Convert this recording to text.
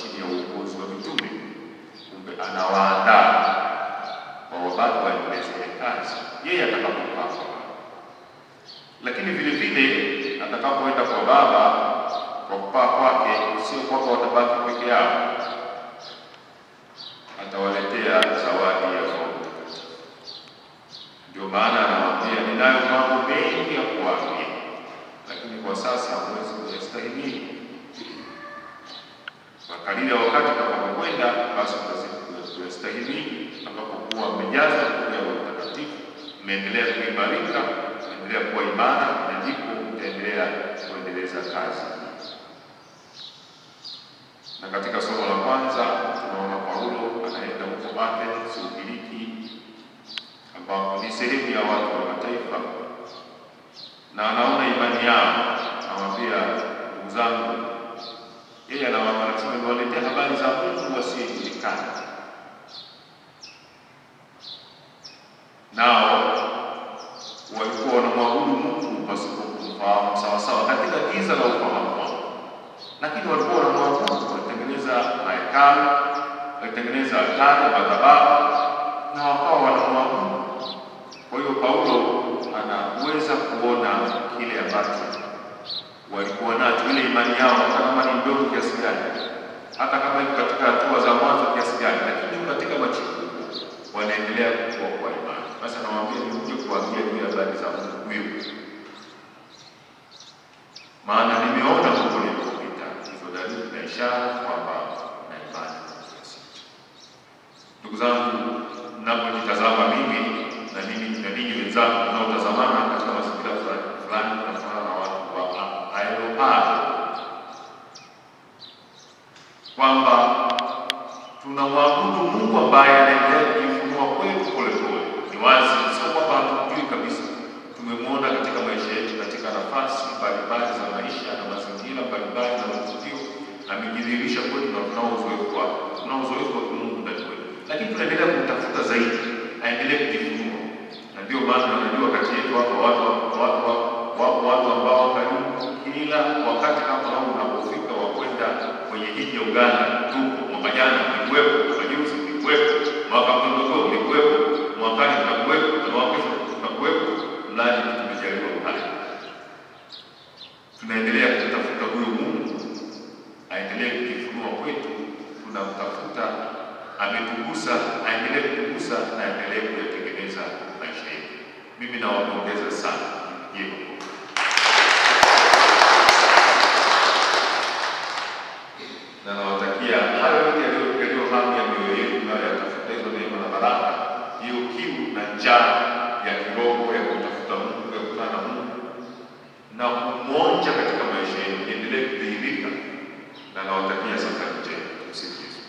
chini ya uongozi wa mitume. Kumbe anawaandaa wawabaki waendeleze kazi yeye atakapopaswa, lakini vile vile atakapoenda kwa Baba kwa kupaa kwake, sio kwamba watabaki peke yao, atawaletea zawadi ya Roho Ndio maana anawaambia, ninayo mambo mengi ya kuwaambia, lakini kwa sasa hamwezi kuyastahimili Kadiri ya wakati utakapokwenda, basi utastahimili ambapo kuwa umejaza ya utakatifu, mmeendelea kuimarika, mmeendelea kuwa imara, na ndipo utaendelea kuendeleza kazi. Na katika somo la kwanza tunaona Paulo anaenda huko Athens, Ugiriki, ambapo ni sehemu ya watu wa mataifa, na anaona imani yao ajabu za Mungu wasiojulikana. Nao walikuwa wanamwabudu Mungu pasipo kumfahamu sawasawa katika giza la ufahamu wao, lakini walikuwa wanamwabudu, walitengeneza mahekalu, walitengeneza altari, madhabahu na wakawa wanamwabudu. Kwa hiyo Paulo anaweza kuona kile ambacho walikuwa nacho, ile imani yao, kama ni ndogo kiasi gani hata kama iko katika hatua za mwanzo kiasi gani, lakini katika machipuko wanaendelea kukua kwa imani. basi nawaambia nimekuja kuambia juu ya habari za Mungu huyu, maana nimeona huko nilipopita hizo dalili na ishara kwamba na imani ndugu zangu, napojitazama mimi na ninyi wenzangu kwamba tunamwabudu Mungu ambaye anaendelea kujifunua kwetu polepole. Ni wazi, sio kwamba hatujui kabisa, tumemwona katika maisha yetu, katika nafasi mbalimbali za maisha na mazingira mbalimbali na matukio, amejidhihirisha kwetu na tunao uzoefu wake, tunao uzoefu wa Mungu ndani kwetu, lakini tunaendelea kumtafuta zaidi, aendelee kujifunua, na ndio maana tunajua kati yetu wako watu ambao karibu kila wakati kama vijiji Uganda tupo, mwaka jana ulikuwepo, mwaka juzi ulikuwepo, mwaka mtoto ulikuwepo, mwakani utakuwepo, na wakesho mradi tumejaliwa uhai. Tunaendelea kutafuta huyo Mungu aendelee kujifunua kwetu, tunamtafuta, ametugusa, aendelee kutugusa na aendelee kuyatengeneza maisha yetu. Mimi nawaombea njaa ya kiroho ya kutafuta Mungu, ya kukutana na Mungu na kumwonja katika maisha yenu. iendelee kudhihirika na nawatakia safari njema. Tumsifu Yesu.